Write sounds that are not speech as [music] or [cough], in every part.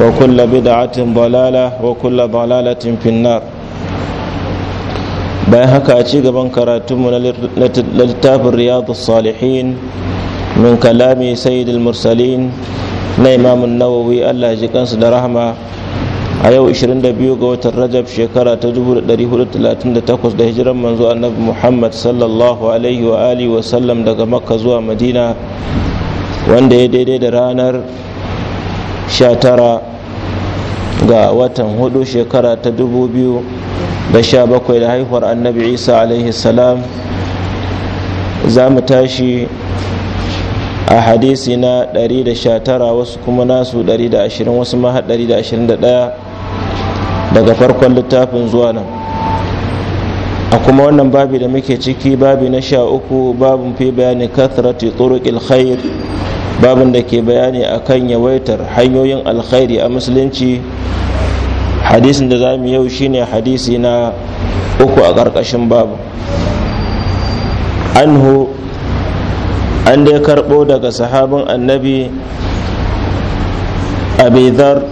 وكل بدعة ضلالة وكل ضلالة في النار bayan haka a ci gaban karatunmu na littafin riyadu salihin min kalami sayyidul mursalin na imamun nawawi allah ji kansu da rahama a yau 22 ga watan rajab shekara ta 1438 da hijiran manzo annabi muhammad sallallahu alaihi wa alihi wa sallam daga makka zuwa madina wanda ya daidai da ranar 19 ga watan hudu shekara ta 2017 da haihuwar annabi isa alaihi salam za mu tashi a hadisi na 119 wasu kuma nasu 120 wasu ma 121 daga farkon littafin zuwa nan a kuma wannan babi da muke ciki babi na sha uku babin fi bayanin kathrati turuqil khair babin da ke bayani a kan yawaitar hanyoyin alkhairi a musulunci hadisin da za mu yau shine hadisi na uku a ƙarƙashin babu anhu an dai karɓo daga sahabin annabi abidhar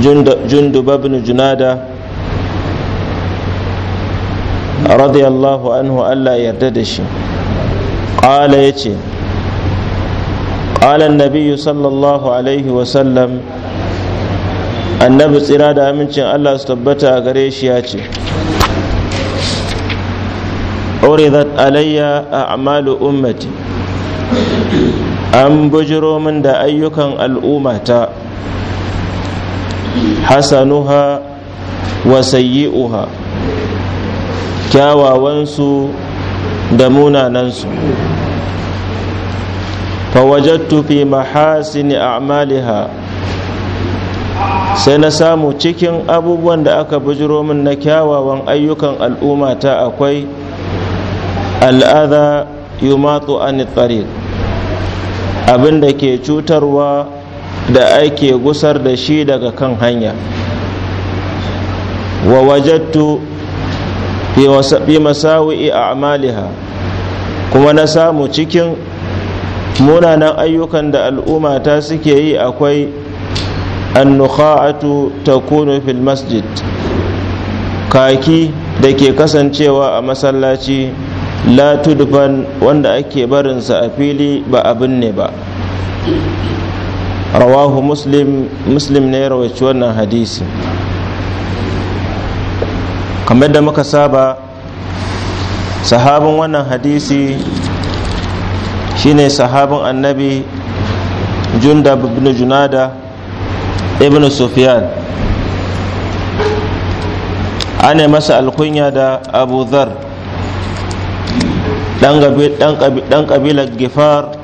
jundub ibn junada radiyallahu anhu allah yarda da shi ƙala ya ce قال النبي صلى الله عليه وسلم annabi tsira da amincin Allah su tabbata a gare shi ya ce uridat alayya a'malu ummati an bujiro min da ayyukan al'ummata hasanuha wa sayyi'uha kyawawansu da munanansu فوجدت في محاسن أعمالها sai na samu cikin abubuwan da aka bujiro min na kyawawan ayyukan al'umma ta akwai al'adha yumatu an tariq abin da ke cutarwa da ake gusar da shi daga kan hanya wa wajattu fi masawi'i a'maliha kuma na samu cikin munanan ayyukan da al'umma ta suke yi akwai annukha'atu kuno fil masjid kaki da ke kasancewa a masallaci la tudfan wanda ake barinsa a fili ba abin ne ba rawahu muslim muslim ne rawaci wannan hadisi kamar da muka saba sahabin wannan hadisi shine sahabin annabi jundab ibn junada ibn sufyan yi masa alkunya da abu zar dan kabilar gifar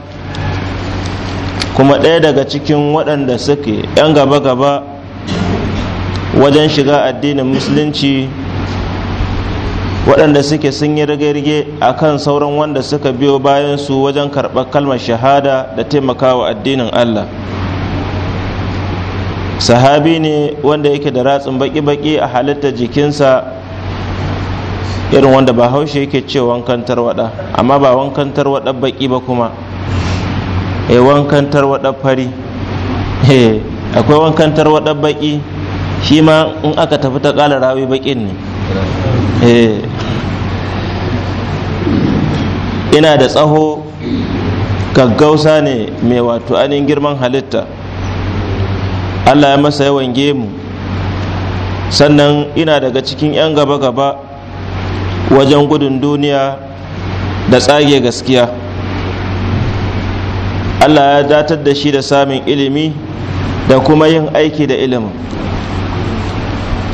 kuma ɗaya daga cikin waɗanda suke 'yan gaba-gaba wajen shiga addinin musulunci waɗanda suke sun yi rage-rage a kan sauran wanda suka biyo bayan su wajen karɓar kalmar shahada da taimakawa addinin Allah sahabi ne wanda yake da ratsin baki-baki a halittar jikinsa irin wanda ba haushe yake ce wankan tarwaɗa amma ba wankan tarwaɗa baki ba kuma e wankan tarwaɗa fari eh, akwai wankan tarwaɗa baki shi ma in aka tafi ta ƙala rawi bakin ne Eh. ina da tsaho gaggausa ne mai wato anin girman halitta allah ya masa yawan gemu sannan ina daga cikin 'yan gaba-gaba wajen gudun duniya da tsage gaskiya allah ya datar da shi da samun ilimi da kuma yin aiki da ilimin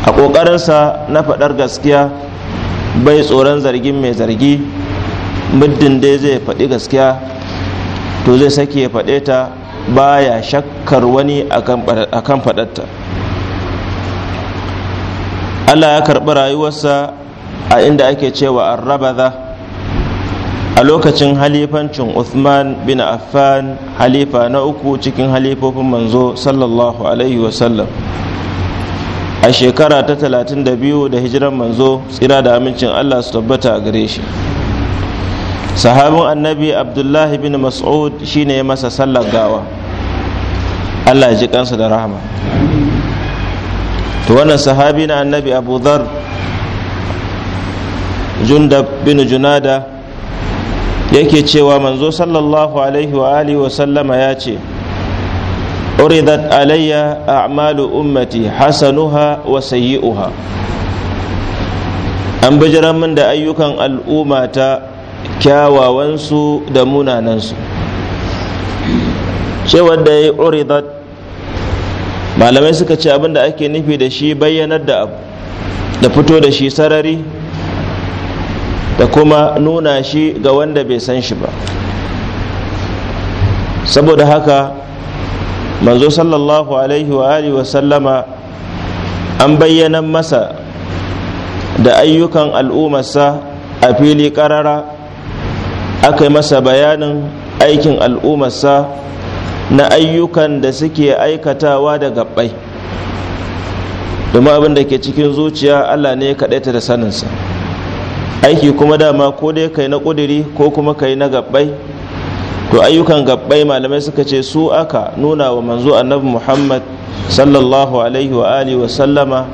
a ƙoƙarinsa na faɗar gaskiya bai tsoron zargin mai zargi muddin dai zai faɗi gaskiya to zai sake ya faɗe ta baya shakkar wani a kan faɗarta allah ya karɓi rayuwarsa a inda ake cewa arrabaza a lokacin halifancin Uthman bin Affan halifa na uku cikin halifofin manzo sallallahu alaihi wasallam a shekara ta 32 da hijiran manzo tsira da amincin Allah su tabbata a gare shi sahabin annabi abdullahi bin mas'ud shine ya masa sallar gawa Allah ya ji kansa da rahama to wannan sahabi na annabi abu dhar jundab bin junada yake cewa manzo sallallahu alaihi wa alihi wa sallama ya ce alayya علي أعمال أمتي wa وسيئها an bijiran min da ayyukan al'umma ta kyawawansu da munanansu cewar da ya yi malamai suka ce abin da ake nufi da shi bayyanar da abu da fito da shi sarari da kuma nuna shi ga wanda bai san shi ba saboda haka manzo sallallahu alaihi wa alihi sallama an bayyana masa da ayyukan al'ummarsa a fili karara aka masa bayanin aikin al'ummarsa na ayyukan da suke aikatawa da gabbai domin abin da ke cikin zuciya allah ne ya kaɗaita da saninsa aiki kuma dama ko dai kai na ƙudiri ko kuma kai na gabbai to ayyukan gabbai malamai suka ce su aka nuna wa manzo annabi muhammad sallallahu alaihi wa alihi wa sallama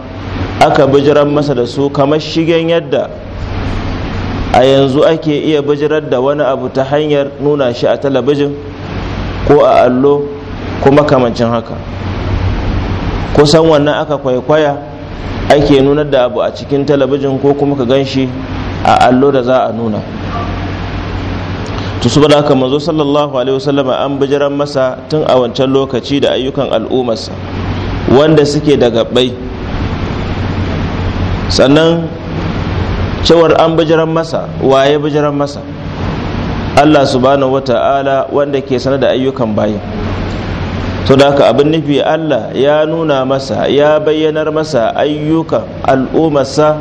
aka bijiran masa da su kamar shigen yadda a yanzu ake iya bijirar da wani abu ta hanyar nuna shi a talabijin ko a allo ko makamancin haka kusan wannan aka kwaikwaya ake nunar da abu a cikin talabijin ko kuma ka gan shi a allo da za a nuna to bada haka manzo sallallahu alaihi wasallam an bijiran masa tun a wancan lokaci da ayyukan al'ummarsa wanda suke da bai sannan cewar an bijiran masa waye bijiran masa Allah subhanahu wata'ala wanda ke sana da ayyukan bayan to da haka abin nufi Allah ya nuna masa ya bayyanar masa ayyukan al'ummarsa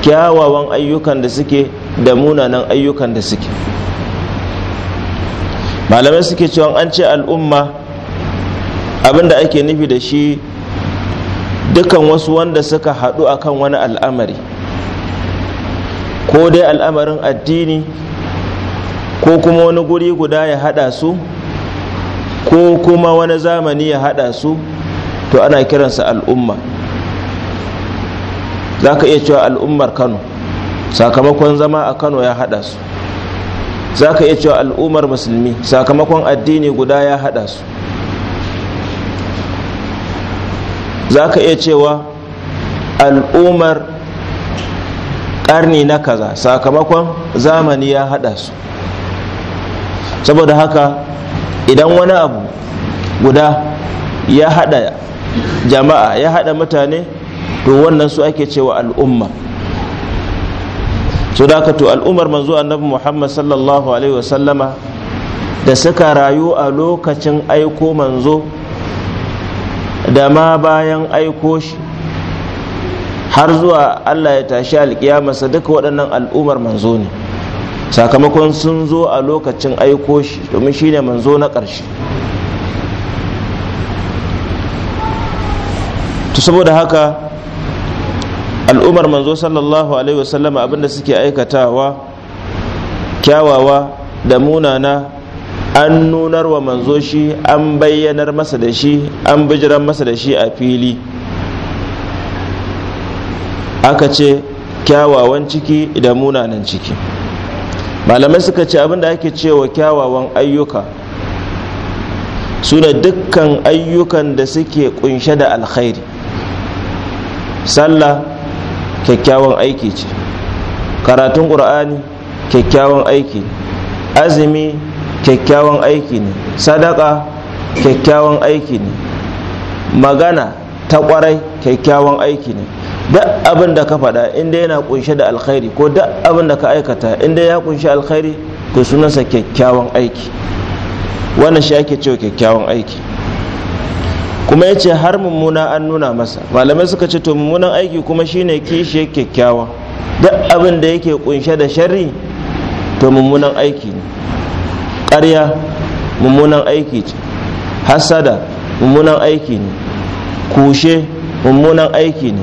kyawawan ayyukan da suke da munanan ayyukan da suke malamai suke cewa an ce al'umma abinda ake nufi da shi dukan wasu wanda suka haɗu a kan wani al'amari ko dai al'amarin addini ko kuma wani guri guda ya haɗa su ko kuma wani zamani ya haɗa su to ana kiransa al'umma za ka iya cewa al'ummar kano sakamakon zama a kano ya haɗa su za ka iya cewa al'ummar musulmi sakamakon addini guda ya haɗa su za ka iya cewa al'ummar ƙarni na kaza sakamakon zamani ya haɗa su saboda haka idan wani abu guda ya haɗa jama'a ya haɗa mutane to wannan su ake cewa al'umma so da al'ummar manzo annabi muhammad sallallahu alaihi wasallama da suka rayu a lokacin aiko manzo da ma bayan aiko shi har zuwa allah ya tashi alkiyamarsa duka waɗannan al'ummar manzo ne sakamakon sun zo a lokacin aiko shi domin shi ne manzo na ƙarshe to saboda haka al'ummar manzo sallallahu alaihi wasallama abinda suke aikatawa kyawawa da munana an nunar wa manzo shi an bayyanar masa da shi an bijiran masa da shi a fili aka ce kyawawan ciki da munanan ciki malamai suka ce abinda ake cewa kyawawan ayyuka suna dukkan ayyukan da suke kunshe da alkhairi sallah kyakkyawan aiki ce karatun ƙur'ani kyakkyawan aiki azumi kyakkyawan aiki ne sadaka kyakkyawan aiki ne magana ta ƙwarai kyakkyawan aiki ne duk abin da ka faɗa inda yana kunshe da alkhairi ko duk abin da ka aikata inda ya kunshe alkhairi to sunansa kyakkyawan aiki wannan shi ake cewa kyakkyawan aiki kuma ya ce har mummuna an nuna masa malamai suka ce to mummunan aiki kuma shine kishiyar kyakkyawa duk abin da yake kunshe da sharri to mummunan aiki ne ƙarya mummunan aiki ce hasada mummunan aiki ne kushe mummunan aiki ne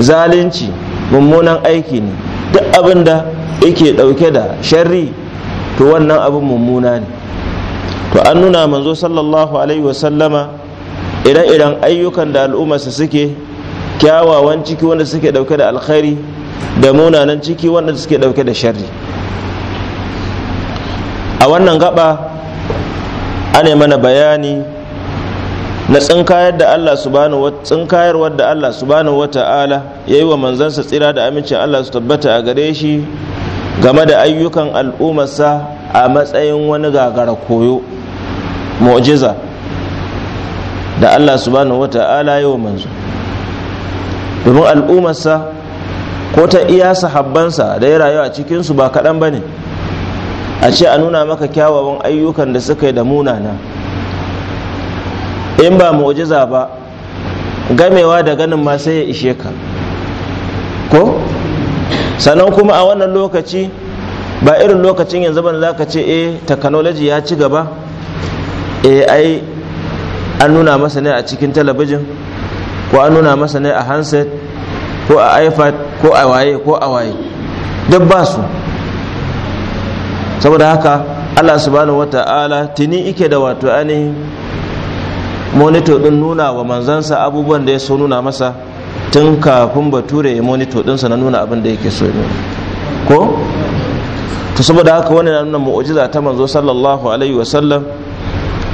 zalunci mummunan aiki ne duk abin da yake ɗauke da sharri to wannan abin mummuna ne to an nuna manzo sallallahu alaihi wasallama ire-iren ayyukan da al'ummarsa suke kyawawan ciki wanda suke dauke da alkhairi da munanan ciki wanda suke dauke da sharri a wannan gaba ana mana bayani na tsinkayar da Allah subhanahu tsinkayar da Allah subhanahu ta'ala yayi wa manzansa tsira da amincin Allah su tabbata a gare shi game da ayyukan al'ummarsa a matsayin wani gagara koyo mu'jiza da Allah subhanahu wata'ala yi yau manzo domin al'ummarsa ko ta iya sahabbansa da ya rayu a cikinsu ba kaɗan ba ne a ce a nuna maka kyawawan ayyukan da suka yi da munana in ba mu'jiza ba gamewa da ganin ma sai ya ishe ka ko sannan kuma a wannan lokaci ba irin lokacin yanzu bana za ka ce eh technology ya ci gaba E, ai an nuna masa ne a cikin talabijin ko an nuna masa ne a handset ko a ipad ko a waye ko a waye duk ba su saboda haka allah subhanahu wata'ala tuni ike da wato ainihin monitor din nuna wa manzansa abubuwan da ya so nuna masa tun kafin bature ya monito dinsa na nuna abin da yake so ya nuna ko to saboda haka wani na nuna mu'ujiza ta manzo sallallahu alaihi wasallam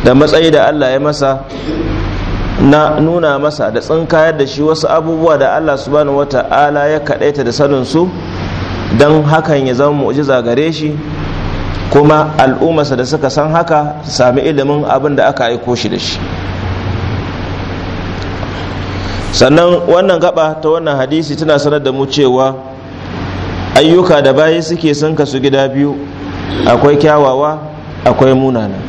da matsayi da Allah ya masa na nuna masa da tsinkayar da shi wasu abubuwa da Allah su subhanahu wata'ala ya kaɗaita da sanin su don hakan ya zama mu'jiza gare shi kuma al'ummarsa da suka san haka sami ilimin abin da aka aiko shi da shi sannan wannan gaba ta wannan hadisi tana sanar da mu cewa ayyuka da bayi suke sun kasu gida biyu akwai kyawawa akwai munana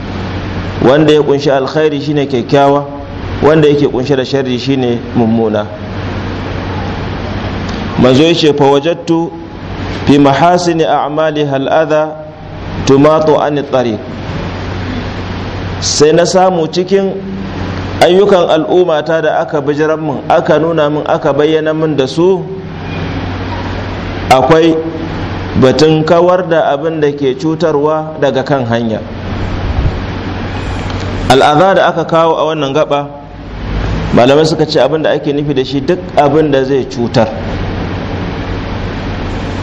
wanda ya kunshi alkhairi shine kyakkyawa wanda yake kunshi da sharri shine mummuna manzo yace fa wajadtu fi mahasini a'mali hal adha tumatu an tariq sai na samu cikin ayyukan al'ummata da aka bijiran min aka nuna min aka bayyana min da su akwai batun kawar da abin da ke cutarwa daga kan hanya al'adha da aka kawo a wannan gaba malamai suka ce abin da ake nufi da shi duk abin da zai cutar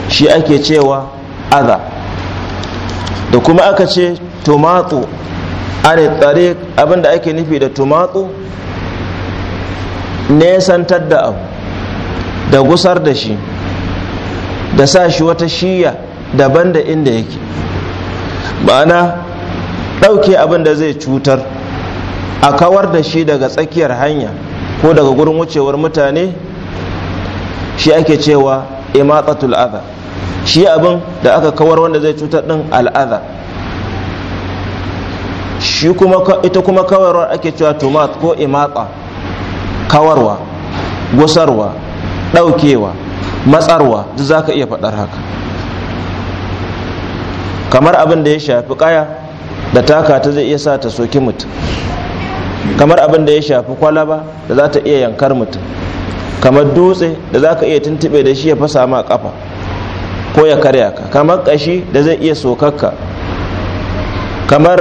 shi ake cewa adha da kuma aka ce tumatu ane tsare abin da ake nufi da tumatu nesantar da abu da gusar da shi da sa shi wata shiya daban da inda yake ma'ana ɗauke abin da zai cutar a kawar da shi daga tsakiyar hanya ko daga gurin wucewar mutane shi ake cewa imatsatul adha shi abin da aka kawar wanda zai cutar din al'adha shi kuma ita kuma kawarwar ake cewa tumat ko imatsa kawarwa gusarwa ɗaukewa matsarwa duk za ka iya faɗar haka kamar abin da ya shafi ƙaya da taka ta zai iya sa ta soki mutum kamar abin da ya shafi kwalaba da za ta iya yankar mutum kamar dutse da za ka iya tuntube da shi ya fasa ma kafa ko ya karya ka kamar kashi da zai iya sokakka kamar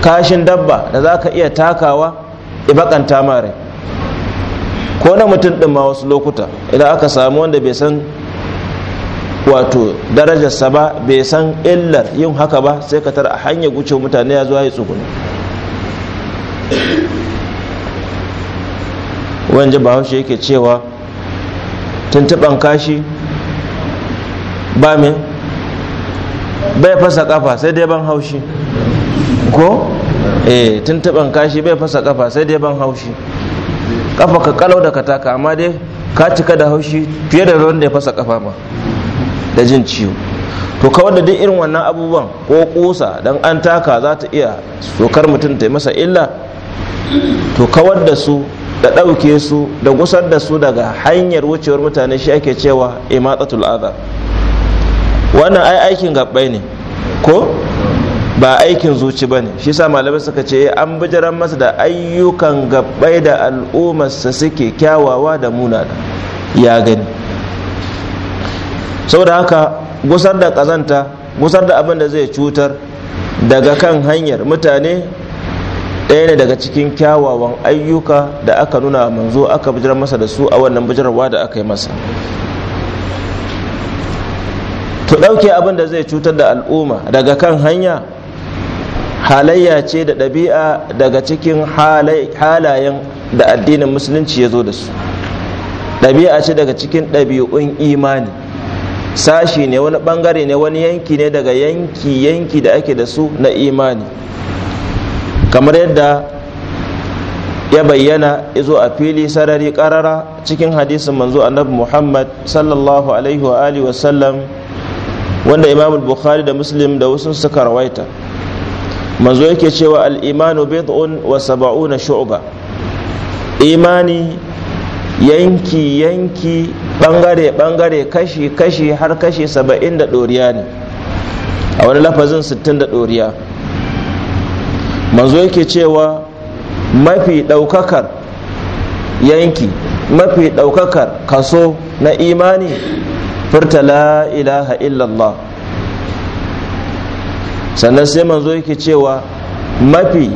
kashin dabba da za ka iya takawa ya bakanta mare ko na mutum ɗin ma wasu lokuta idan aka samu wanda bai san wato darajarsa ba bai san illar yin haka ba sai ka tara a hanyar guce mutane ya zuwa ya tsuguna wanda haushe yake cewa tuntuban kashi ba min bai fasa kafa sai dai ban haushi ko eh tuntuban kashi bai fasa kafa sai dai ban haushi kafa ka kalau da kataka amma dai ka cika da haushi fiye da ruwan da ya fasa kafa ba da jin ciwo to kawar da duk irin wannan abubuwan ko kusa dan an taka za ta iya sokar mutum ta masa illa to kawar da su da ɗauke su da gusar da su daga hanyar wucewar mutane shi ake cewa imatsatul adha wannan ai aikin gabbai ne ko ba aikin zuci ba ne shi sa malamai suka ce an bijiran masa da ayyukan gabbai da al'ummarsa suke kyawawa da munana ya gani saboda haka gusar da kazanta gusar da abin da zai cutar daga kan hanyar mutane ɗaya ne daga cikin kyawawan ayyuka da aka nuna manzo aka bijira masa da su a wannan bijirarwa da aka yi masa to ɗauke abin da zai cutar da al'umma daga kan hanya halayya ce da ɗabi'a daga cikin halayen da addinin musulunci ya zo da su ɗabi'a ce daga cikin ɗabi'un imani sashi ne wani bangare ne wani yanki ne daga yanki yanki da ake da su na imani kamar yadda ya bayyana izo a fili sarari karara cikin hadisin manzo annabi muhammad sallallahu alaihi wa wasallam wanda imam bukhari da muslim da wasu suka rawaita manzo yake cewa al-imanu bid'un wa sab'una shu'ba imani yanki yanki bangare-bangare kashi-kashi har kashi saba'in da ɗoriya ne a wani lafazin sittin da ɗoriya manzo yake cewa mafi ɗaukakar yanki mafi ɗaukakar kaso na imani furta la ilaha illallah sannan sai manzo yake cewa mafi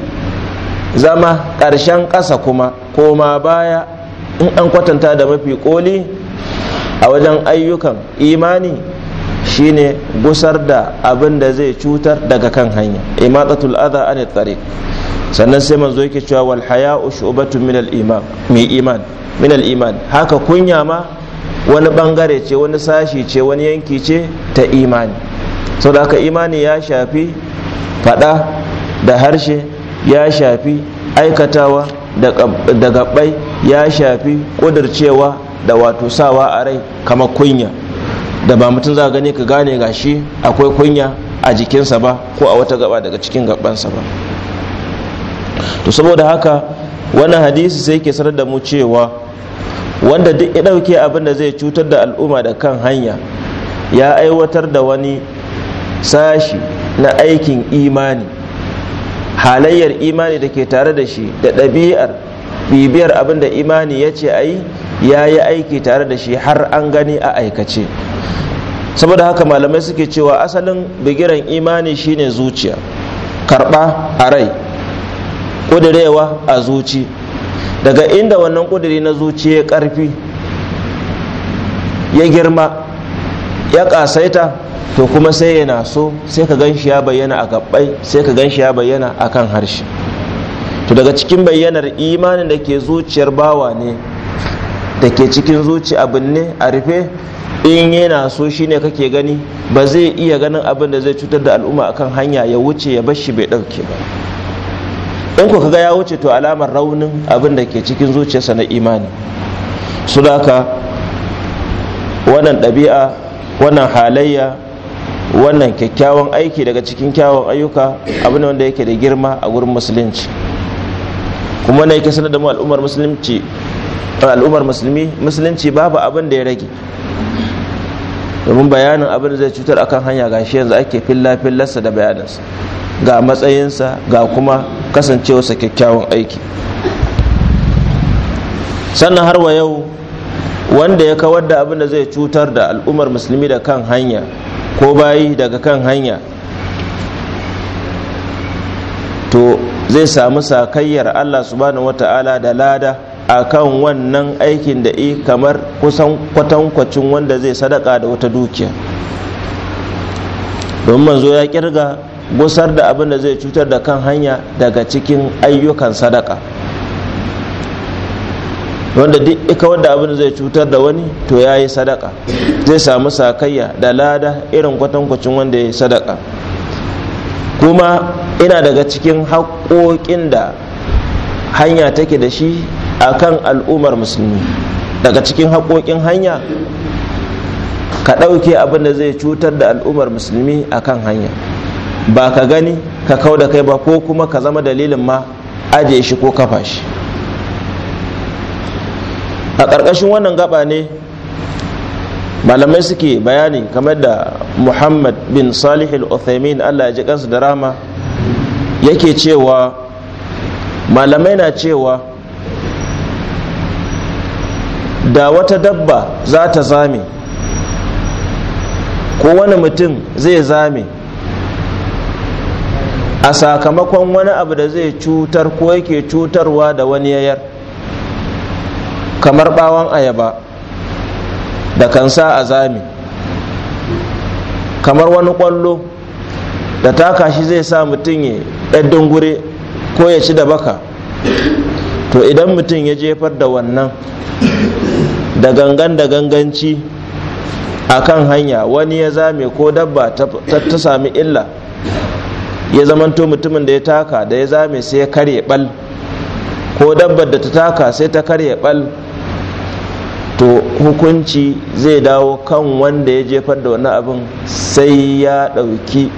zama ƙarshen ƙasa kuma koma baya in an kwatanta da mafi ƙoli a wajen ayyukan imani shine gusar da abin da zai cutar daga kan hanya imatatul adha an tariq sannan sai manzo yake cewa wal haya ushubatu min iman mi iman min iman haka kunya ma wani bangare ce wani sashi ce wani yanki ce ta imani saboda haka imani ya shafi fada da harshe ya shafi aikatawa da gabbai ya shafi kudircewa da wato sawa a rai kama kunya da ba mutum za gani ka gane ga shi akwai kunya a jikinsa ba ko a wata gaba daga cikin gabansa ba to saboda haka wani hadisi sai ke sanar da mu cewa wanda duk ya ɗauke abin da zai cutar da al'umma da kan hanya ya aiwatar da wani sashi na aikin imani halayyar imani da ke tare da shi da ɗabi'ar bibiyar abin da imani ya ce a yi ya yi aiki tare da shi har an gani a aikace saboda haka malamai suke cewa asalin bigiran imani shine zuciya karba a rai kudurewa a zuci daga inda wannan kudiri na zuci ya karfi ya girma ya kasaita to kuma sai yana so sai ka gan ya bayyana a gabbai sai ka gan ya bayyana a kan harshe to daga cikin bayyanar imanin da ke zuciyar bawa ne da ke cikin zuci abin ne a rufe in yana so shi ne kake gani ba zai iya ganin abin da zai cutar da al'umma akan hanya ya wuce ya bashi bai ɗauke ba in ku kaga ya wuce to alamar raunin abin da ke cikin zuciyarsa na imani su haka wannan ɗabi'a wannan halayya wannan kyakkyawan aiki daga cikin kyawun ayyuka abin wanda yake da girma a wurin musulunci kuma na yake sanar da mu al'ummar musulunci al'ummar musulmi musulunci babu abin da ya rage domin bayanin abin da zai cutar akan hanya gashi yanzu ake filla fillarsa da bayaninsa ga matsayinsa ga kuma kasancewarsa kyakkyawan aiki sannan har wa yau wanda ya kawar da abin da zai cutar da al'ummar musulmi da kan hanya ko bayi daga kan hanya to zai samu sakayyar allah subhanahu wata'ala da lada a kan wannan aikin da i kamar kusan kwatankwacin wanda zai sadaka da wata dukiya don manzo ya kirga gusar da abin da zai cutar da kan hanya daga cikin ayyukan sadaka wanda duk ika wanda abin da zai cutar da wani to ya yi sadaka zai samu sakayya da lada irin kwatankwacin wanda ya yi sadaka kuma ina daga cikin haƙoƙin da hanya take da shi a kan al'ummar musulmi daga cikin haƙoƙin hanya ka ɗauke abin da zai cutar da al'ummar musulmi a kan hanya ba ka gani ka kau da kai ba ko kuma ka zama dalilin ma ajiye shi ko kafa shi a ƙarƙashin wannan gaba ne malamai suke bayani kamar da muhammad bin salih al-uthaymin allah ya ji kansu da rama yake cewa malamai na cewa da wata dabba za ta zame ko wani mutum zai zame a sakamakon wani abu da zai cutar ko yake cutarwa da wani yayar kamar bawon ayaba da kansa a zame kamar wani kwallo da taka shi zai sa mutum ya ɗan dungure ko ya ci da baka to idan mutum ya jefar da wannan da gangan da ganganci a kan hanya wani ya zame ko dabba ta sami illa ya zamanto mutumin da ya taka da ya zame sai ya karye bal ko dabbar da ta taka sai ta karye bal to hukunci zai dawo kan wanda ya jefar da wani abin sai ya ɗauki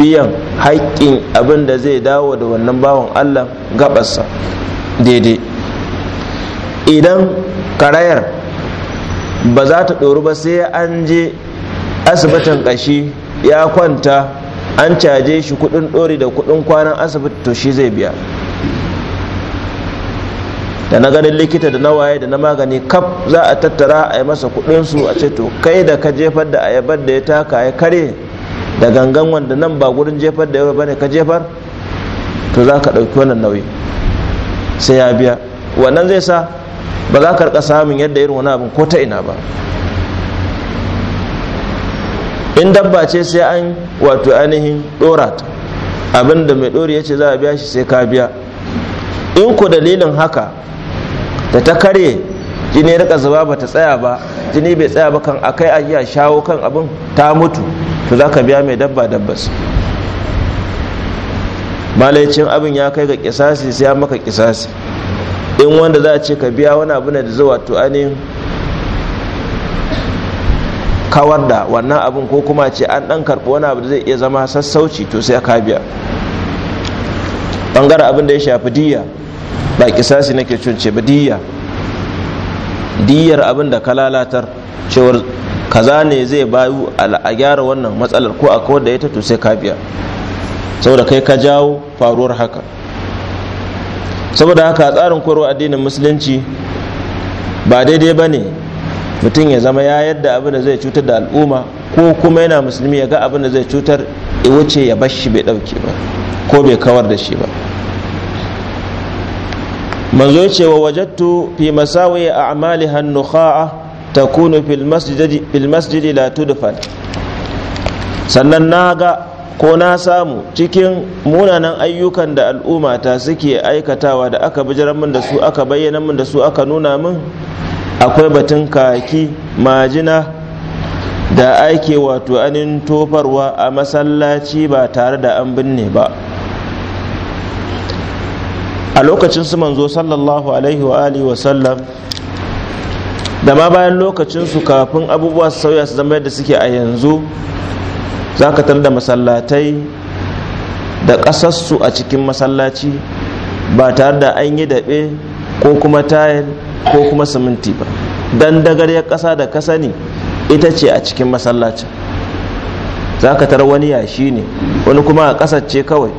biyan haƙƙin abin da zai dawo da wannan bawan allah gabarsa daidai idan karayar ba za ta ɗoru ba sai an je asibitin ƙashi ya kwanta an caje shi kuɗin ɗori da kuɗin kwanan asibiti to shi zai biya da na ganin likita da na waye da na magani kaf za a tattara a yi masa kuɗinsu a ce to kai da ka jefar da ayabar da ya taka ya kare da gangan wanda nan ba gurin jefar da yawa ne ka jefar to za ka ɗauki wannan nauyi sai ya biya wannan zai sa ba za ka rika samun yadda irin wani abin ko ta ina ba in dabba ce sai an wato ainihin dora ta abin da mai dori ya ce za a biya shi sai ka biya in ku dalilin haka da ta kare jini rika zuba ba ta tsaya ba jini bai tsaya ba kan akai a iya shawo kan abin ta mutu to za ka biya mai dabba dabbas malaicin abin ya kai ga kisasi sai ya maka kisasi in wanda za a ce ka biya wani abu ne da zuwa to ainihin kawar da wannan abin ko kuma ce an dan karɓi wani abu da zai iya zama sassauci to sai ka biya bangaren abin da ya shafi diya ba kisasi nake cunce ba diya diyar abin da ka lalatar cewar kaza ne zai bayu a gyara wannan matsalar ko a kawar da ita to sai ka biya saboda kai ka jawo faruwar haka saboda haka tsarin koyarwa addinin musulunci ba daidai ba ne mutum ya zama ya yadda abin da zai cutar da al'umma ko kuma yana musulmi ya ga abin da zai cutar ya wuce ya bar shi bai ɗauke ba ko bai kawar da shi ba manzo ya ce wa wajattu fi masawi a amali hannu kha'a ta kunu fil masjidi la sannan na ga ko na samu cikin munanan ayyukan da al'umma ta suke aikatawa da aka bijiran min da su aka bayyana min da su aka nuna min akwai batun kaki majina da ake wato anin tofarwa a masallaci ba tare da an binne ba a lokacin su manzo sallallahu alaihi wa alihi sallam da ma bayan lokacin su kafin abubuwa su sauya su zama yadda suke a yanzu za ka da masallatai da ƙasassu a cikin masallaci ba tare da an yi daɓe ko kuma tayil ko kuma siminti ba dan dagarya ƙasa da ƙasa ne ita ce a cikin masallacin za ka tara wani yashi ne wani kuma a ƙasar ce kawai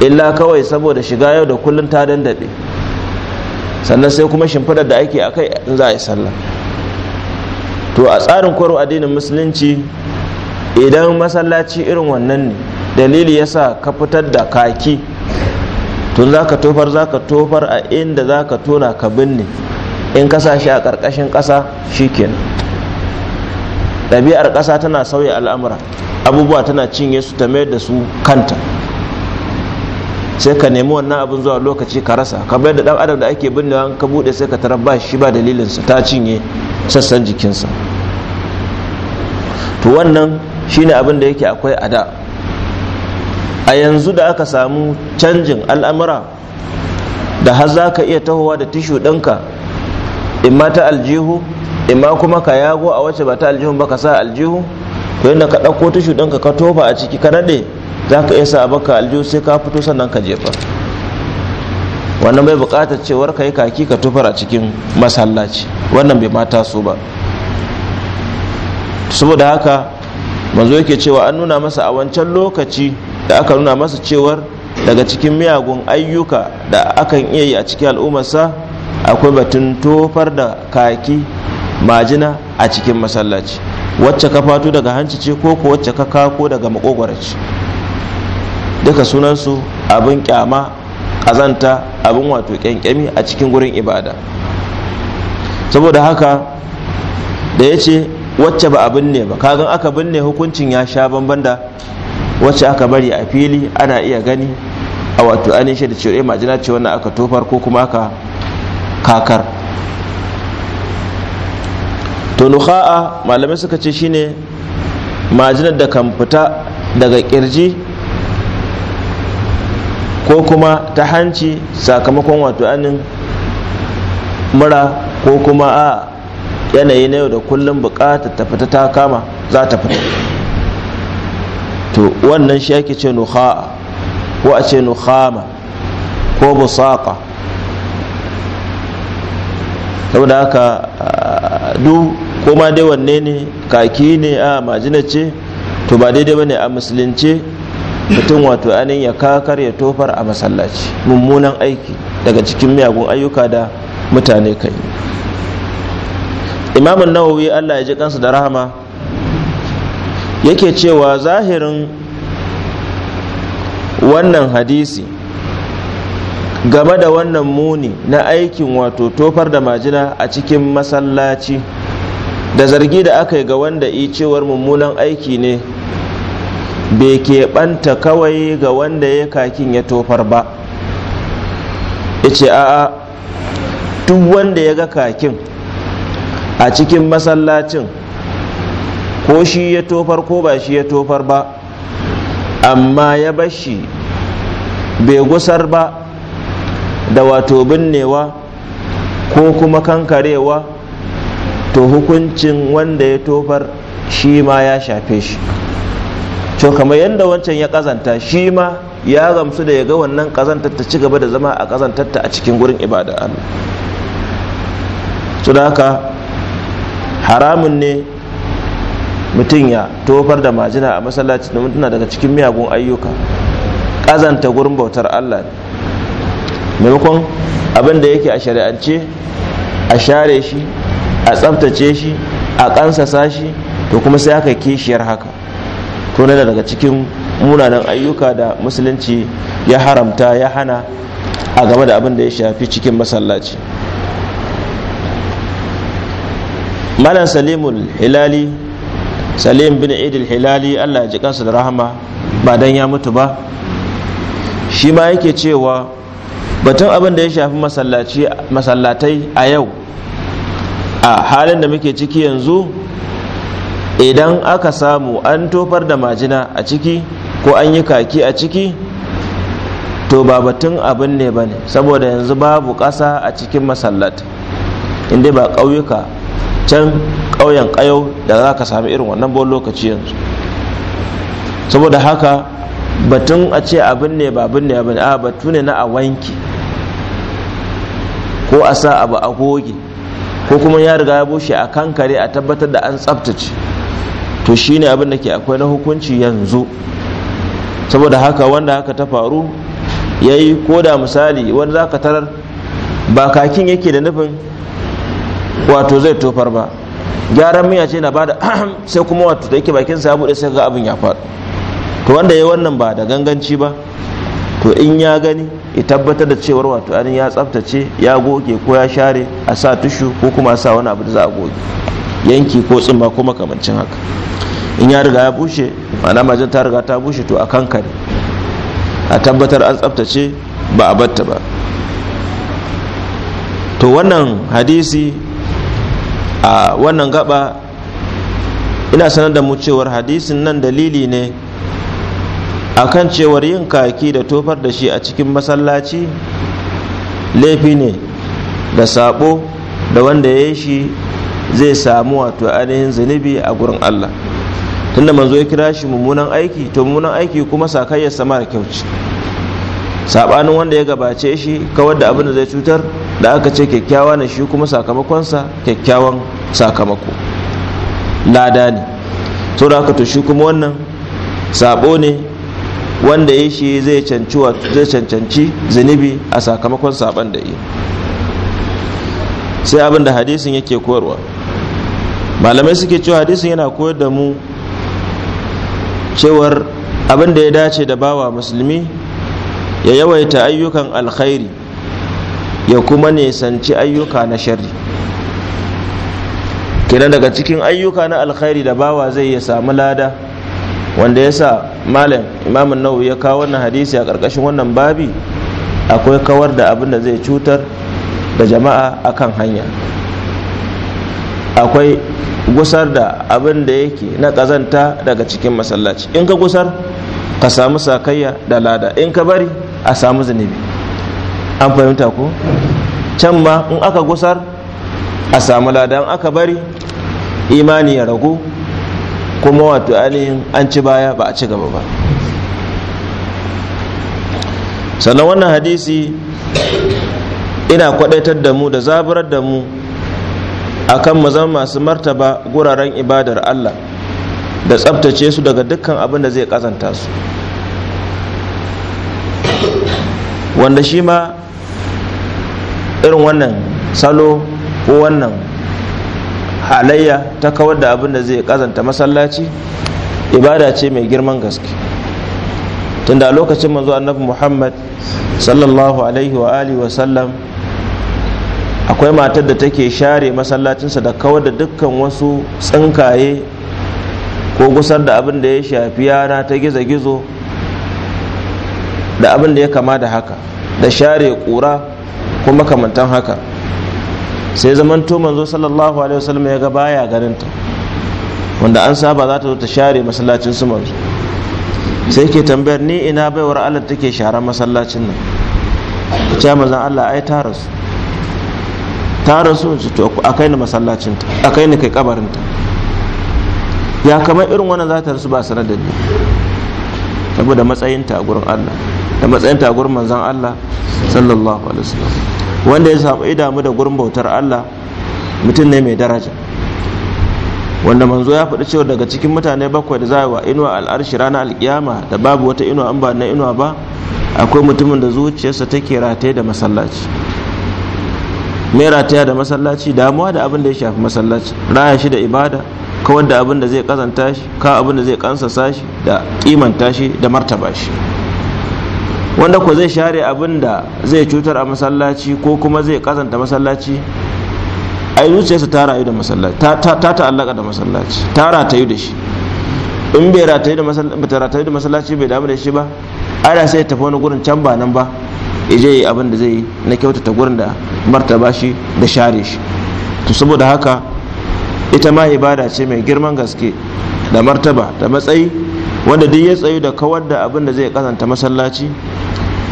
illa kawai saboda shiga yau da kullum ta daɓe sannan sai kuma shimfidar da ake a kai in za a yi sallah to a tsarin kwaro addinin musulunci idan masallaci irin wannan ne dalili sa ka fitar da kaki tun za ka tofar za ka tofar a inda za ka tona ka binne in kasa shi a ƙarƙashin ƙasa shi kenan ɗabi'ar ƙasa tana sauya al'amura abubuwa tana cinye su ta mayar da su kanta sai ka nemi wannan abin zuwa lokaci ka rasa ka bayar da ɗan adam da ake binne binnewa ka buɗe sai ka tarar ba shi ba dalilinsa ta cinye sassan jikinsa to wannan shine abin da yake akwai a da a yanzu da aka samu canjin al'amura da har za ka iya tahowa da tishu ɗinka imma ta aljihu imma kuma ka yago a wace ba ta aljihun ba ka sa aljihu to yadda ka ɗauko tishu ɗinka ka tofa a ciki ka naɗe za ka iya sa baka aljihu sai ka fito sannan ka jefa wannan bai buƙatar cewar ka yi kaki ka tufar a cikin masallaci wannan bai mata so ba saboda haka manzo yake cewa an nuna masa a wancan lokaci da aka nuna masa cewar daga cikin miyagun ayyuka da akan iya yi a cikin al'ummarsa akwai batun tofar da kaki majina a cikin masallaci wacce ka fato daga hanci ce ko ko wacce ka kako daga makogwara duka sunansu abin kyama kazanta abin wato kyankyami a cikin gurin ibada saboda haka da ya ce wacce ba a binne ba kagan aka binne hukuncin ya sha bamban da wacce aka bari a fili ana iya gani a wato ainihin shi da cewa eh, majina ce wannan aka tofar ko kuma aka kakar to nuha'a malamai suka ce shine majinar da kan fita daga kirji ko kuma ta hanci sakamakon wato anin mura ko kuma a yanayi na yau da kullum bukata ta fita ta kama za ta fita to wannan shi ake ce nuha'a ko a ce nuhama ko busaka saboda haka ko ma dai wanne ne kaki ne a majina ce to ba daidai bane a musulunce mutum wato anin ya kakar ya tofar a masallaci mummunan aiki daga cikin miyagun ayyuka da mutane kan yi imamun nawawi allah ya ji kansa da rahama yake cewa zahirin wannan hadisi game da wannan muni na aikin wato tofar da majina a cikin masallaci da zargi da aka yi ga wanda yi cewar mummunan aiki ne bai keɓanta kawai ga wanda ya kakin ya tofar ba ya ce a'a duk wanda ya ga kakin a cikin masallacin ko shi ya tofar ko ba shi ya tofar ba amma ya bashi bai gusar ba da wato binnewa ko kuma kankarewa to hukuncin wanda ya tofar shi ma ya shafe shi to kamar yadda wancan ya kazanta shi ma ya gamsu da ya ga wannan kazantar ta ci gaba da zama a kazantar ta a cikin gurin ibada Allah. haka haramun ne mutum ya tofar da majina a masallaci domin tana daga cikin miyagun ayyuka ƙazanta gurin bautar allah maimakon abin da yake a shari'ance a share shi a tsabtace shi a ƙansasa shi to kuma sai aka kishiyar haka to ne daga cikin munanan ayyuka da musulunci ya haramta ya hana a game da abin da ya shafi cikin masallaci malam salimul hilali salim bin idil hilali allah ya ji kansa da rahama ba dan ya mutu ba shi ma yake cewa batun abin da ya shafi masallatai a yau a halin da muke ciki yanzu idan aka samu an tofar da majina a ciki ko an yi kaki a ciki to ba batun abin ne ba ne saboda yanzu babu ƙasa a cikin masallat inda ba ƙauyuka can ƙauyen ƙayau da za ka sami irin wannan bon lokaci yanzu saboda haka batun a ce abin ne ba abin ne abin a batu ne na a wanki ko a sa abu a goge ko kuma ya riga ya bushe a kankare a tabbatar da an tsabtace to shine abin da ke akwai na hukunci yanzu saboda haka wanda haka ta faru ya yi ko da misali wani za ka tarar ba kakin yake da nufin wato zai tofar ba gyaran miya ce na bada [clears throat] sai kuma wato da yake bakin sa bude sai ga abin ya faɗo to wanda ya wannan ba da ganganci ba to in ya gani ya tabbatar da cewar wato an ya tsaftace ya goge ko ya share a sa tushu ko kuma a sa wani abu da za a goge yanki ko tsumma ko makamancin haka in ya riga ya bushe ma'ana majin ta riga ta bushe to a kankare a tabbatar an tsaftace ba a batta ba to wannan hadisi a wannan gaba ina sanar da mu cewar hadisin nan dalili ne a kan cewar yin kaki da tofar da shi a cikin masallaci laifi ne da sabo da wanda ya yi shi zai samu wato ainihin zunubi a gurin Allah tunda manzo ya kira shi mummunan aiki to mummunan aiki kuma sakayyar sama da kyauci sabanin wanda ya gabace shi kawar da abin da zai cutar da aka ce kyakkyawa ne shi kuma sakamakonsa kyakkyawan sakamako lada ne so da aka to shi kuma wannan sabo ne wanda ya shi zai cancanci zunubi a sakamakon saban da yi. sai abin da hadisin yake koyarwa malamai suke cewa hadisin yana koyar da mu cewar abin da ya dace da bawa musulmi ya yawaita ayyukan alkhairi ya kuma nisanci ayyuka na sharri kenan daga cikin ayyuka na alkhairi da bawa zai ya samu lada wanda ya sa malam imamun nau ya kawo wannan hadisi a ƙarƙashin wannan babi akwai kawar da abin da zai cutar da jama'a akan hanya akwai gusar da abin da yake na ƙazanta daga cikin masallaci in ka gusar ka samu sakayya da lada in ka bari a samu zunubi an fahimta ko can ma in aka gusar a samu in aka bari imani ya ragu kuma wato ainihin an ci baya ba a ci gaba ba sannan wannan hadisi ina kwadaitar da mu da zaburar da mu akan mu zama masu martaba guraren ibadar Allah da tsabtace su daga dukkan abin da zai kazanta su wanda shi ma irin wannan salo ko wannan halayya ta kawar da abin da zai kazanta masallaci ibada ce mai girman gaske tunda lokacin manzo annabi muhammad sallallahu alaihi wa alihi wa sallam akwai matar da take share masallacinsa da kawar da dukkan wasu tsinkaye ko gusar da abin da ya shafi yana ta gizo-gizo da abin da ya kama da haka da share kura ko makamantan haka sai zaman to manzo sallallahu alaihi wasallam ya ga baya ta. wanda an saba za ta zo ta share masallacin su manzo sai ke tambayar ni ina baiwar Allah take share masallacin nan ta manzo Allah ai ta rasu ta rasu to akai ni masallacin ta akai ni kai kabarin ta ya kamar irin wannan za ta rasu ba sanar da ni saboda matsayinta a gurin Allah da matsayin tagur manzan Allah sallallahu alaihi wasallam wanda ya samu idamu da gurin bautar Allah mutum ne mai daraja wanda manzo ya faɗi cewa daga cikin mutane bakwai da za wa inuwa al'arshi rana alkiyama da babu wata inuwa an ba na inuwa ba akwai mutumin da zuciyarsa take rataye da masallaci mai rataya da masallaci damuwa da abin da ya shafi masallaci raya shi da ibada kawar da abin da zai kazanta shi ka abin da zai kansa shi da kimanta shi da martaba shi wanda ko zai share abin da zai cutar a masallaci ko kuma zai kazanta masallaci zuciya zuciyarsa tara yi da masallaci ta ta'allaka da masallaci ta ratayu da shi in bai ratayu da masallaci bai damu da shi ba ana sai ta tafi wani gurin can ba nan ba ya je yi abin da zai yi na kyautata gurin da martaba shi da share shi to saboda haka ita ma ibada ce mai girman gaske da martaba da matsayi wanda duk ya tsayu da kawar da abin da zai kazanta masallaci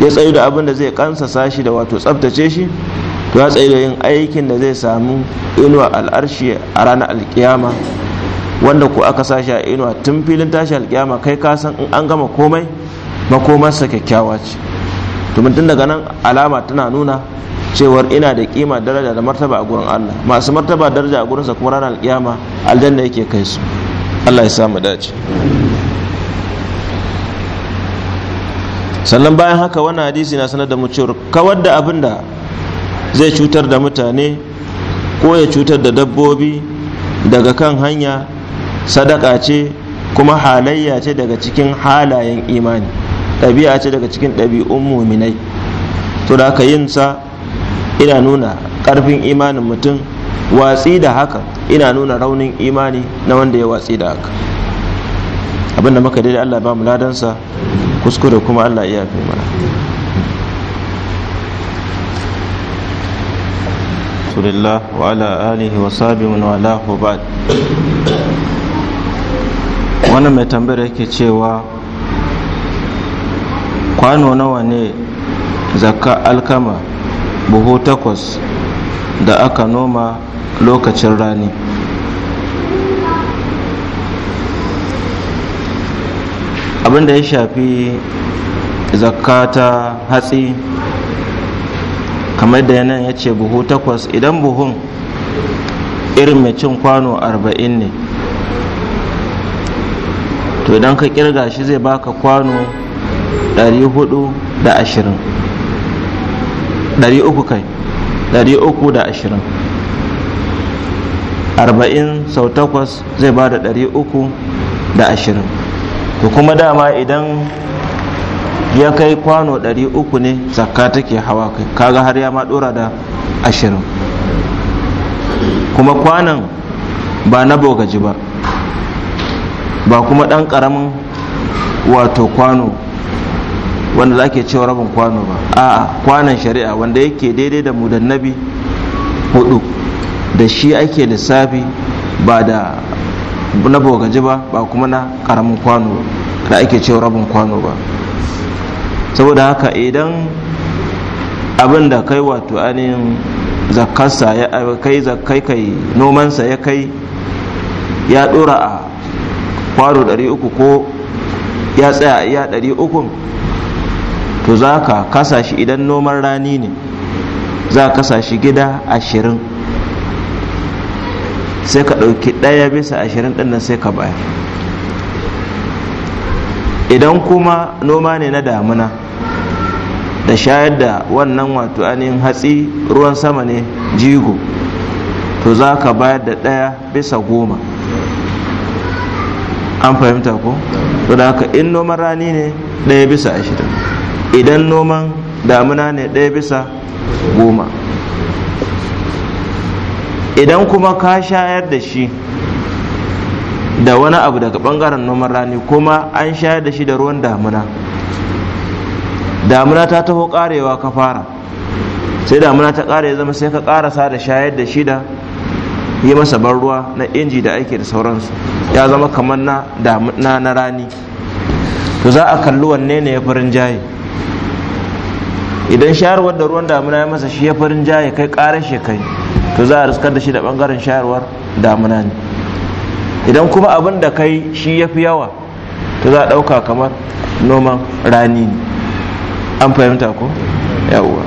ya tsayi da abin da zai kansasa shi da wato tsabtace shi to ya tsayu da yin aikin da zai samu inuwa al'arshi a ranar alkiyama wanda ko aka sashi a inuwa tun filin tashi alkiyama kai ka san in an gama komai makomarsa kyakkyawa ce to tun daga nan alama tana nuna cewar ina da kima daraja da martaba a gurin Allah masu martaba daraja a gurinsa kuma ranar alkiyama aljanna yake kai su Allah ya samu dace sannan bayan haka wannan hadisi na sanar da mu cewa kawar da abin da zai cutar da mutane ko ya cutar da dabbobi daga kan hanya sadaka ce kuma halayya ce daga cikin halayen imani ɗabi'a ce daga cikin ɗabi'un muminai to da aka yin sa ina nuna ƙarfin imanin mutum watsi da haka ina nuna raunin imani na wanda ya watsi da haka abinda muka daidai Allah ba mu ladansa kuskure kuma Allah iya fi mana ala alihi wa wa ala wannan mai tambayar yake cewa kwano nawa ne zakka alkama buhu takwas da aka noma lokacin rani abin da ya shafi zakata hatsi kamar da yanayin ya ce buhu takwas idan buhun irin mai cin kwano arba'in ne to idan ka kirga shi zai baka kwano 420 uku kai ashirin arba'in sau takwas zai ba da ashirin. to kuma dama idan ya kai kwano 300 ne zakka take hawa kai kaga har ya ma dora da ashirin kuma kwanan ba na bogaji ba ba kuma ɗan ƙaramin wato kwano wanda za cewa rabin kwano ba a kwanan shari'a wanda yake daidai da mudannabi hudu da shi ake lissafi ba da na bogaji ba ba kuma na karamin kwano da ake cewa rabin kwano ba saboda haka idan abin da kai wato ainihin zakarsa ya kai zakai kai nomansa ya kai ya dora a kwano 300 ko ya tsaya a iya 300 to za ka kasa shi idan noman rani ne za ka kasa shi gida ashirin sai ka ɗauki ɗaya bisa ashirin ɗin nan sai ka bayar idan kuma noma ne na damuna da shayar da wannan wato ainihin hatsi ruwan sama ne jigo to za ka bayar da ɗaya bisa goma an fahimta ko to da haka in noman rani ne ɗaya bisa ashirin idan noman damuna ne ɗaya bisa goma idan kuma ka shayar da shi da wani abu daga bangaren noman rani kuma an shayar da shi da ruwan damuna damuna ta taho karewa ka fara sai damuna ta kare ya zama sai ka karasa da shayar da shi da yi masa ban ruwa na inji da ake da sauransu ya zama kamar na damuna na rani to za a kalli wanne ne ya farin jaye idan shayarwar da ruwan damuna ya masa shi ya farin jaye kai karar shekai to za a riskar da shi da bangaren shayarwar damuna ne idan kuma abin da kai shi ya fi yawa to za a ɗauka kamar noman rani ne an fahimta ko yawuwa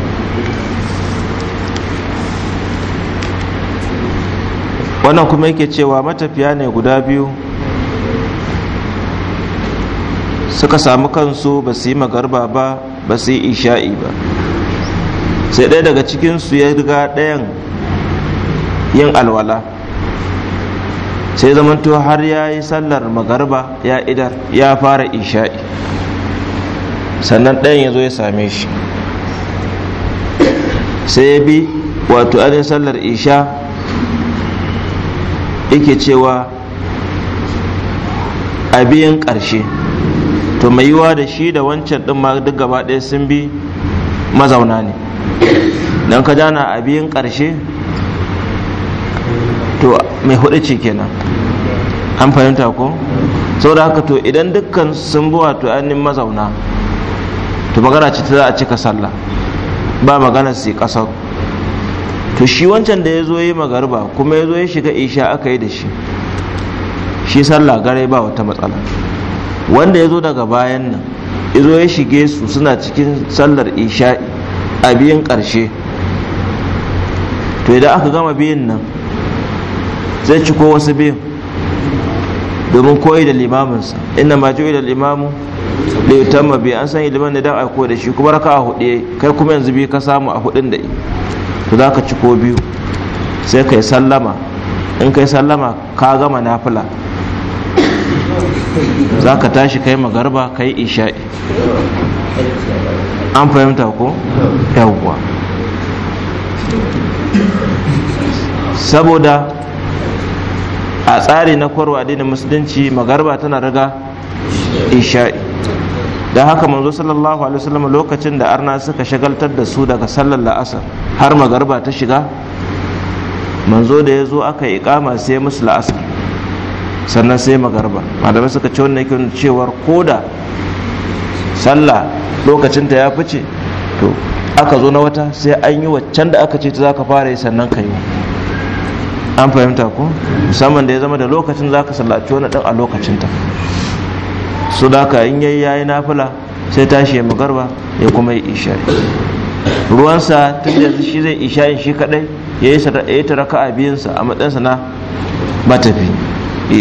wannan kuma yake cewa matafiya ne guda biyu suka samu kansu ba su yi magarba ba ba su yi isha'i ba sai ɗaya daga cikinsu ya riga ɗayan yin alwala sai zamanto har ya yi sallar magarba ya idar ya fara isha'i sannan ɗayan ya zo ya same shi sai ya bi wato ainihin sallar isha yake cewa a biyan ƙarshe to mai yiwa da shi da wancan ɗin ma duk gaba ɗaya sun bi mazauna ne don ka jana a biyan ƙarshe to mai hudu ce kenan an fahimta ko da haka to idan dukkan sun bi wato ainihin mazauna to magana ce ta za a cika sallah ba magana su kasar to shi wancan da ya zo yi magarba kuma ya zo ya shiga isha aka yi da shi shi sallah gare ba wata matsala wanda ya zo daga bayan nan izo zo ya shige su suna cikin sallar Isha a biyun karshe to idan aka gama biyun nan zai ciko wasu biyu domin koyi da limaminsa inda ma juyi da limamu da yutamma biyu, an san iliman da dan aiko da shi kuma raka a hudu kai kuma yanzu biyu ka samu a hudun da to za ka ciko biyu sai kai sallama in kai sallama ka gama nafila za ka tashi kai magarba kai isha'i an fahimta ko yawwa saboda a tsari na korwa addinin musulunci magarba tana riga isha'i da haka manzo sallallahu alaihi wasallam lokacin da arna suka shagaltar da su daga sallar la'asar har magarba ta shiga manzo da ya zo aka ikama sai musu la'asar sannan sai magarba malamai suka ce wannan yake cewar koda sallah lokacin ta ya fice to aka zo na wata sai an yi waccan da aka ce ta zaka fara yi sannan ka yi an fahimta ko musamman da ya zama da lokacin zaka sallaci wani dan a lokacin ta su da ka in yayi yayi nafila sai tashi ya magarba ya kuma yi isha'i ruwansa tun da shi zai isha'in shi kadai ya yi ta raka biyun sa a matsayinsa na matafi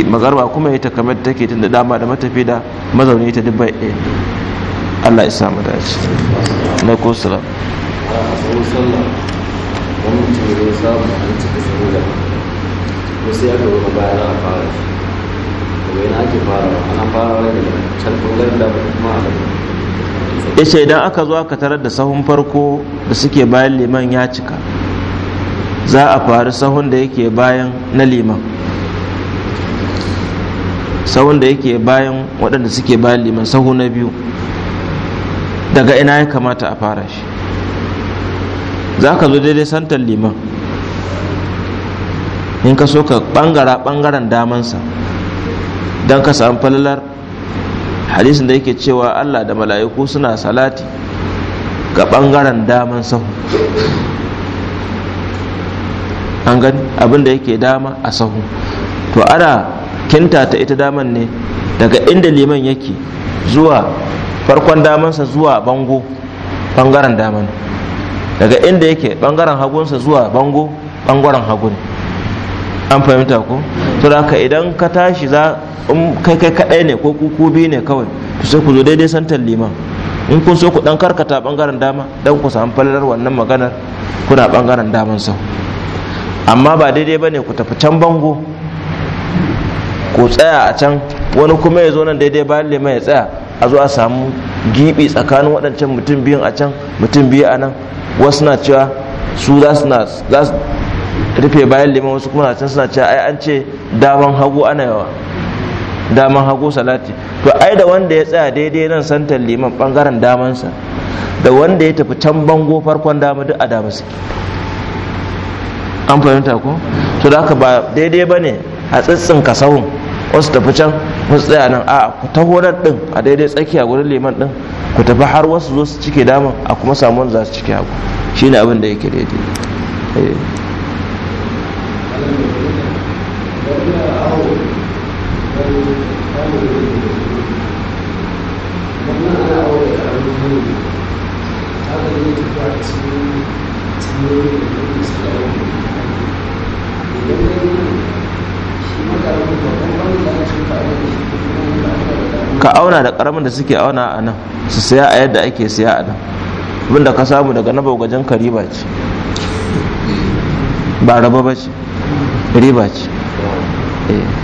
magarba kuma ya ta kamar take tun da dama da matafi da mazauni ta dubbai ɗaya Allah ya samu dace na ko salam an cika saboda to sai aka zo bayan a fara to yana ake fara ana fara wani daga can bangaren da kuma ya ce idan aka zo aka tarar da sahun farko da suke bayan liman ya cika za a fari sahun da yake bayan na liman sahun da yake bayan waɗanda suke bayan liman sahu na biyu daga ina ya kamata a fara shi za ka zo daidai santar liman in ka so ka bangara bangaren damansa don ka samu falalar hadisin da yake cewa allah da mala'iku suna salati ga bangaren daman sahu an gani abin da yake dama a sahu to ana kinta ta ita daman ne daga inda liman yake zuwa farkon damansa zuwa bango bangaren daman daga inda yake bangaren hagunsa zuwa bango bangaren hagun an fahimta ko to haka idan ka tashi za in kai kai kadai ne ko kuku biyu ne kawai sai ku zo daidai santar liman in kun so ku dan karkata bangaren dama dan ku samu fallar wannan maganar kuna bangaren daman sau amma ba daidai bane ku tafi can bango ku tsaya a can wani kuma ya zo nan daidai bayan liman ya tsaya a zo a samu gibi tsakanin waɗancan mutum biyun a can mutum biyu a nan wasu na cewa su za su rufe bayan liman wasu kuma can suna cewa ai an ce daman hagu ana yawa daman hagu salati to ai da wanda ya tsaya daidai nan santar liman bangaren damansa da wanda ya tafi can bango farkon dama duk a dama suke an fahimta ko to da ba daidai ba ne a tsitsin kasahun wasu tafi can wasu tsaya nan a ku taho nan din a daidai tsakiya gurin liman din ku tafi har wasu zo su cike daman a kuma samu wanda za su cike hagu shine abin da yake daidai eh. ka auna da karamin da suke auna a nan su saya a yadda ake siya a nan abinda ka samu daga na baugajen ka riba ce ba raba ba ce riba ce eh.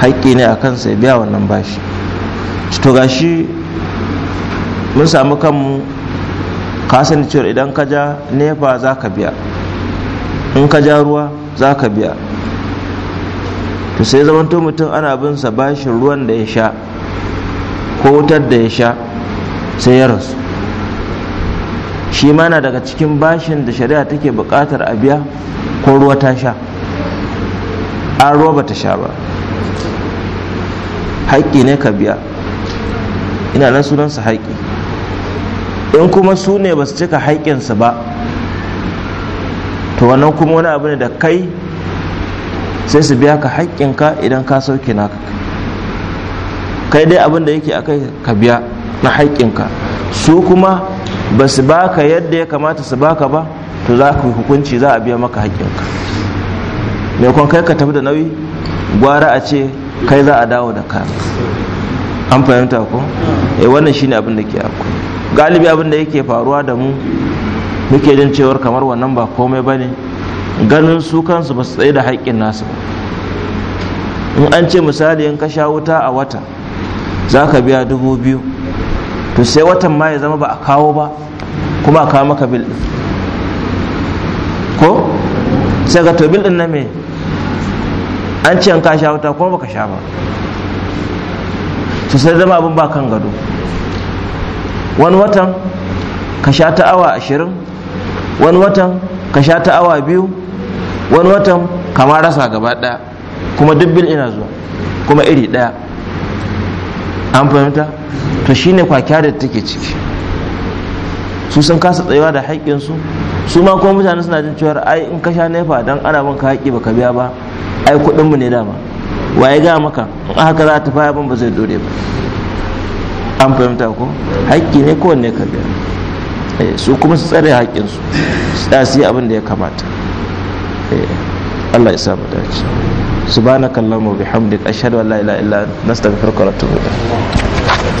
haƙƙi ne a kansa ya biya wannan bashi to gashi mun samu kanmu ka cewa idan ka ja nefa za ka biya in ka ja ruwa za ka biya to sai zamanto mutum ana bin sa bashin ruwan da ya sha ko wutar da ya sha sai ya rasu shi ma daga cikin bashin da shari'a take bukatar a biya ko ruwa ta sha a ruwa ba ta sha ba haƙƙi ne ka biya ina nan sunansa haƙƙi in kuma su ne ba su cika haƙƙinsu ba to wannan kuma wani abu ne da kai sai su biya ka haƙƙinka idan ka sauke naka kai dai abin da yake akai ka biya na haƙƙinka su kuma ba su baka yadda ya kamata su baka ba to za ku hukunci za a biya maka haƙƙinka maimakon kai ka tafi da nauyi gwara a ce kai za a dawo da kayan an fahimta ko eh wannan shine abin da ke akwai galibi abin da yake faruwa da mu muke jin cewar kamar wannan ba komai bane ganin su kansu ba su tsaye da haƙƙin nasu in an ce misali in ka sha wuta a wata za ka biya dubu biyu to sai watan ma ya zama ba a kawo ba kuma a kawo maka bil ko sai ga to bil ɗin na me an ce an ka sha wuta kuma baka sha ba to sai zama abin ba kan gado wani watan ka sha ta awa ashirin wani watan ka sha ta awa biyu wani watan kama rasa gaba ɗaya kuma dubbin ina zuwa kuma iri ɗaya an fahimta to shine kwakiyar da take ciki su sun kasa tsayawa da haƙƙinsu su ma kuma mutane suna jin cewar ai in ka sha nefa dan ana bin ka haƙƙi baka biya ba ai kuɗin mu ne dama waye ga maka in haka za ta faya ban ba zai dore ba an fahimta ko haƙƙi ne kowanne ka biya eh, su kuma su tsare haƙƙinsu su ɗasi abin da ya kamata eh, Allah ya sa mu dace subhanakallahumma bihamdika ashhadu an la ilaha illa anta astaghfiruka wa atubu ilaik